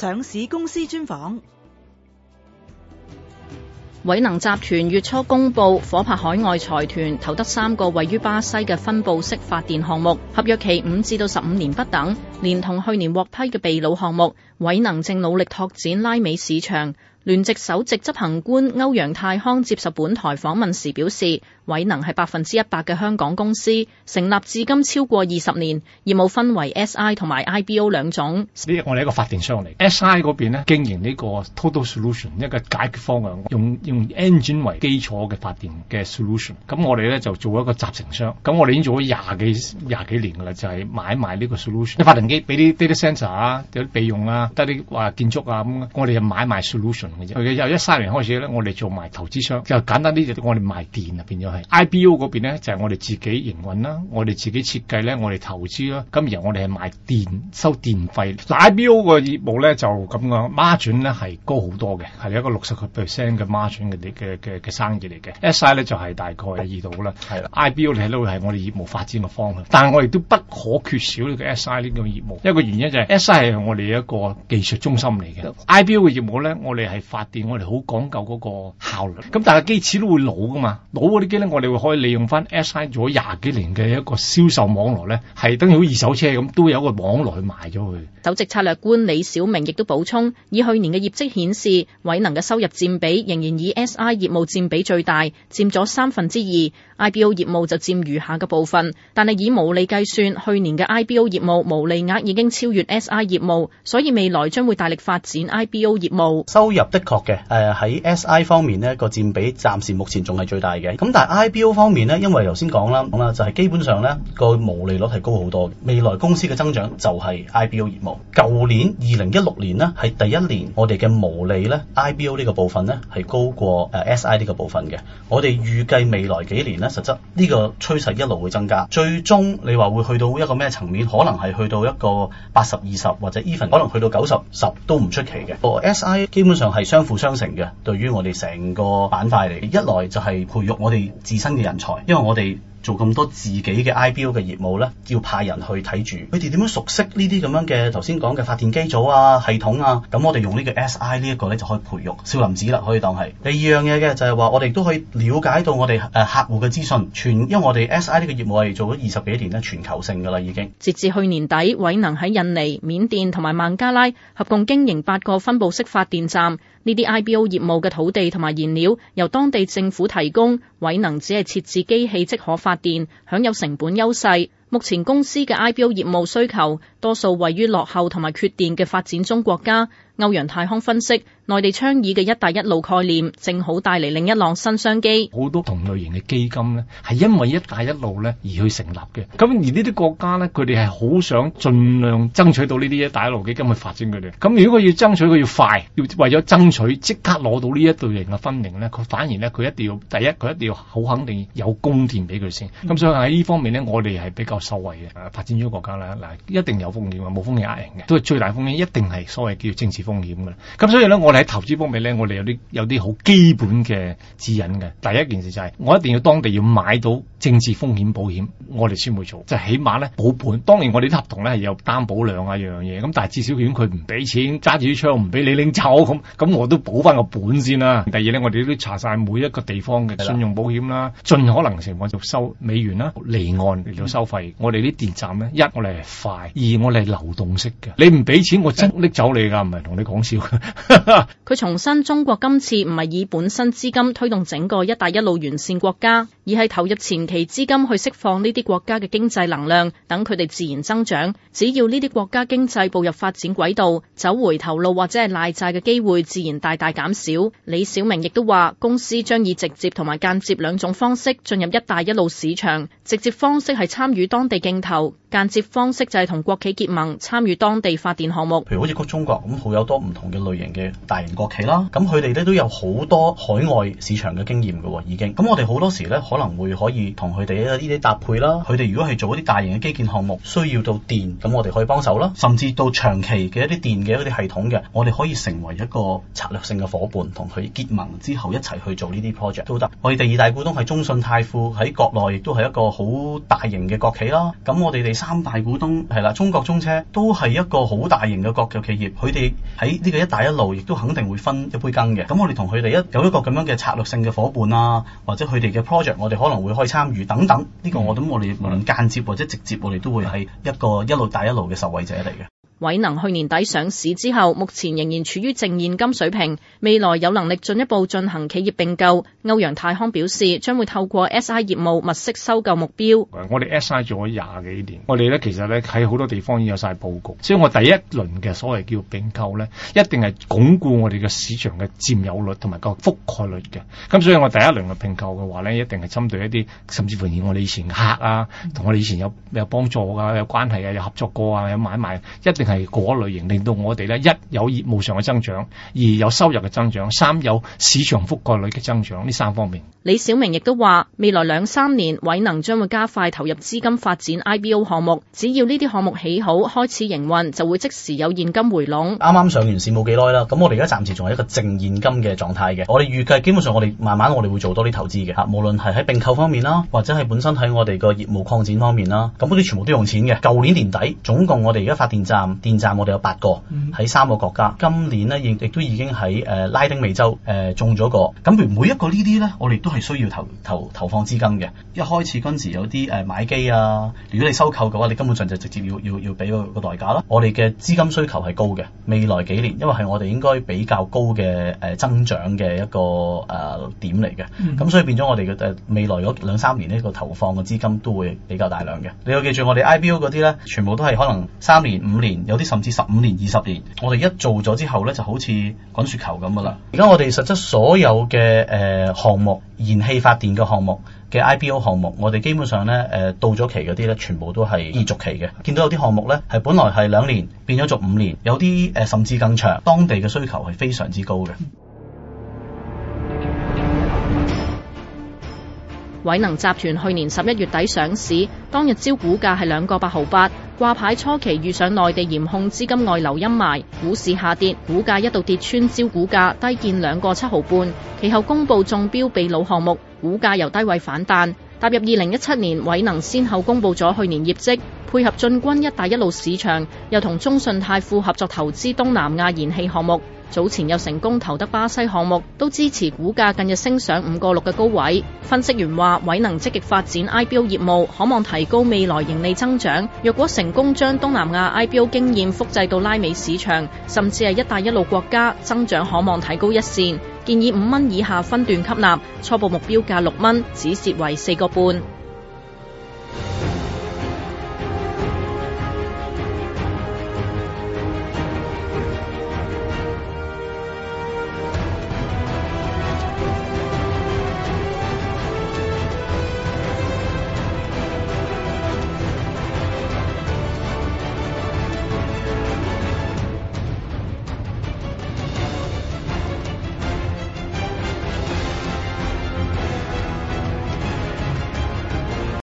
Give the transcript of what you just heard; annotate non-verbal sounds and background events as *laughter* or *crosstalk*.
上市公司專訪。偉能集團月初公布，火拍海外財團投得三個位於巴西嘅分布式發電項目，合約期五至到十五年不等，連同去年獲批嘅秘魯項目。偉能正努力拓展拉美市場。聯席首席執行官歐陽泰康接受本台訪問時表示，偉能係百分之一百嘅香港公司，成立至今超過二十年，業務分為 SI 同埋 I B O 兩種。呢，我哋一個發電商嚟。S I 嗰邊呢，經營呢個 total solution 一個解決方案，用用 engine 為基礎嘅發電嘅 solution。咁我哋咧就做一個集成商。咁我哋已經做咗廿幾廿幾年噶啦，就係買賣呢個 solution。啲發電機俾啲 data sensor 啊，有啲備用啊。得啲話建築啊咁，我哋就買賣 solution 嘅啫。由一三年開始咧，我哋做埋投資商，就簡單啲就我哋賣電啊，變咗係 I B O 嗰邊咧，就係、是、我哋自己營運啦，我哋自己設計咧，我哋投資啦。咁然後我哋係賣電收電費，但 I B O 個業務咧就咁嘅 margin 咧係高好多嘅，係一個六十個 percent 嘅 margin 嘅嘅嘅嘅生意嚟嘅。SI 咧就係、是、大概二度啦，係啦。I B O 你睇到係我哋業務發展嘅方向，但係我哋都不可缺少呢個 SI 呢種業務，一個原因就係、是、SI 係我哋一個技術中心嚟嘅 IBO 嘅業務呢，我哋係發電，我哋好講究嗰個效率。咁但係機器都會老噶嘛，老嗰啲機呢，我哋會可以利用翻 SI 咗廿幾年嘅一個銷售網絡呢，係等於好似二手車咁，都會有一個網絡去賣咗佢。首席策略官李小明亦都補充，以去年嘅業績顯示，偉能嘅收入佔比仍然以 SI 業務佔比最大，佔咗三分之二，IBO 業務就佔餘下嘅部分。但係以毛利計算，去年嘅 IBO 業務毛利額已經超越 SI 業務，所以未，未來將會大力發展 IBO 業務，收入的確嘅。誒、呃、喺 SI 方面呢個佔比暫時目前仲係最大嘅，咁但係 IBO 方面呢，因為頭先講啦，啦就係、是、基本上呢個毛利率係高好多嘅。未來公司嘅增長就係 IBO 業務。舊年二零一六年呢，係第一年，我哋嘅毛利呢。IBO 呢個部分呢，係高過誒 SI 呢個部分嘅。我哋預計未來幾年呢，實質呢個趨勢一路會增加，最終你話會去到一個咩層面？可能係去到一個八十二十或者 even 可能去到。九十十都唔出奇嘅，我 SI 基本上係相輔相成嘅，對於我哋成個板塊嚟，一來就係培育我哋自身嘅人才，因為我哋。做咁多自己嘅 IBO 嘅業務咧，要派人去睇住。佢哋點樣熟悉呢啲咁樣嘅頭先講嘅發電機組啊、系統啊？咁我哋用呢個 SI 呢一個咧就可以培育少林寺啦，可以當係第二樣嘢嘅就係話我哋都可以了解到我哋客戶嘅資訊，全，因為我哋 SI 呢個業務係做咗二十幾年啦，全球性噶啦已經。截至去年底，偉能喺印尼、緬甸同埋孟加拉合共經營八個分布式發電站。呢啲 I B O 業務嘅土地同埋燃料由當地政府提供，偉能只係設置機器即可發電，享有成本優勢。目前公司嘅 IBO 業務需求，多數位於落後同埋缺電嘅發展中國家。歐陽泰康分析，內地倡議嘅一帶一路概念，正好帶嚟另一浪新商機。好多同類型嘅基金呢，係因為一帶一路呢而去成立嘅。咁而呢啲國家呢，佢哋係好想盡量爭取到呢啲一帶一路基金去發展佢哋。咁如果佢要爭取，佢要快，要為咗爭取即刻攞到呢一類型嘅分明呢，佢反而呢，佢一定要第一，佢一定要好肯定有供電俾佢先。咁所以喺呢方面呢，我哋係比較。受惠嘅發展中國家啦，嗱，一定有風險嘅，冇風險呃人嘅，都係最大風險，一定係所謂叫政治風險嘅。咁所以咧，我哋喺投資方面咧，我哋有啲有啲好基本嘅指引嘅。第一件事就係、是、我一定要當地要買到政治風險保險，我哋先會做，就起碼咧保本。當然我哋啲合同咧係有擔保量啊樣嘢，咁但係至少點佢唔俾錢，揸住啲槍唔俾你拎走咁，咁我都保翻個本先啦。第二咧，我哋都查晒每一個地方嘅信用保險啦，的盡可能嘅情況就收美元啦，離岸嚟到收費。嗯我哋啲電站呢，一我哋係快，二我哋係流動式嘅。你唔俾錢，我真拎走你噶，唔係同你講笑。佢 *laughs* 重申，中國今次唔係以本身資金推動整個一帶一路沿線國家，而係投入前期資金去釋放呢啲國家嘅經濟能量，等佢哋自然增長。只要呢啲國家經濟步入發展軌道，走回頭路或者係賴債嘅機會自然大大減少。李小明亦都話，公司將以直接同埋間接兩種方式進入一帶一路市場。直接方式係參與當。當地鏡頭。間接方式就係同國企結盟，參與當地發電項目，譬如好似中國咁，好有多唔同嘅類型嘅大型國企啦，咁佢哋咧都有好多海外市場嘅經驗㗎喎，已經。咁我哋好多時咧可能會可以同佢哋呢啲搭配啦，佢哋如果係做一啲大型嘅基建項目，需要到電，咁我哋可以幫手啦，甚至到長期嘅一啲電嘅一啲系統嘅，我哋可以成為一個策略性嘅伙伴，同佢結盟之後一齊去做呢啲 project 都得。我哋第二大股東係中信泰富，喺國內亦都係一個好大型嘅國企啦，咁我哋哋。三大股東係啦，中國中車都係一個好大型嘅國有企業，佢哋喺呢個一帶一路亦都肯定會分一杯羹嘅。咁我哋同佢哋一有一個咁樣嘅策略性嘅伙伴啊，或者佢哋嘅 project，我哋可能會可以參與等等。呢個我諗我哋無論間接或者直接，我哋都會係一個一路帶一路嘅受惠者嚟嘅。偉能去年底上市之後，目前仍然處於正現金水平，未來有能力進一步進行企業併購。歐陽泰康表示，將會透過 SI 業務物色收購目標。我哋 SI 做咗廿幾年，我哋咧其實咧喺好多地方已經有晒布局，所以我第一輪嘅所謂叫併購咧，一定係鞏固我哋嘅市場嘅佔有率同埋個覆蓋率嘅。咁所以我第一輪嘅併購嘅話咧，一定係針對一啲甚至乎連我哋以前客啊，同我哋以前有有幫助噶、有關係啊、有合作過啊、有買賣，一定。係嗰類型令到我哋咧一有業務上嘅增長，二有收入嘅增長，三有市場覆蓋率嘅增長，呢三方面。李小明亦都話：未來兩三年，偉能將會加快投入資金發展 IBO 項目。只要呢啲項目起好，開始營運，就會即時有現金回籠。啱啱上完市冇幾耐啦，咁我哋而家暫時仲係一個淨現金嘅狀態嘅。我哋預計基本上我哋慢慢我哋會做多啲投資嘅嚇，無論係喺並購方面啦，或者係本身喺我哋個業務擴展方面啦，咁嗰啲全部都用錢嘅。舊年年底總共我哋而家發電站。電站我哋有八個喺三、嗯、個國家，今年咧亦亦都已經喺誒、呃、拉丁美洲誒、呃、中咗個，咁譬如每一個呢啲咧，我哋都係需要投投投放資金嘅。一開始嗰陣時有啲誒、呃、買機啊，如果你收購嘅話，你根本上就直接要要要俾個個代價啦。我哋嘅資金需求係高嘅，未來幾年因為係我哋應該比較高嘅誒、呃、增長嘅一個誒、呃、點嚟嘅，咁、嗯、所以變咗我哋嘅、呃、未來嗰兩三年呢、這個投放嘅資金都會比較大量嘅。你要記住，我哋 IBO 嗰啲咧，全部都係可能三年五年。有啲甚至十五年、二十年，我哋一做咗之後呢就好似滾雪球咁噶啦。而家我哋實質所有嘅呃、項目，燃氣發電嘅項目嘅 IBO 項目，我哋基本上呢、呃、到咗期嗰啲呢，全部都係延續期嘅。見到有啲項目呢係本來係兩年變咗續五年，有啲甚至更長。當地嘅需求係非常之高嘅。偉能集團去年十一月底上市，當日招股價係兩個八毫八。掛牌初期遇上內地嚴控資金外流陰霾，股市下跌，股價一度跌穿招股價，低見兩個七毫半。其後公布中標秘魯項目，股價由低位反彈，踏入二零一七年，偉能先後公布咗去年業績，配合進軍一帶一路市場，又同中信泰富合作投資東南亞燃氣項目。早前又成功投得巴西項目，都支持股價近日升上五個六嘅高位。分析員話，偉能積極發展 IBO 業務，可望提高未來盈利增長。若果成功將東南亞 IBO 經驗複製到拉美市場，甚至係一帶一路國家，增長可望提高一線。建議五蚊以下分段吸納，初步目標價六蚊，止蝕為四個半。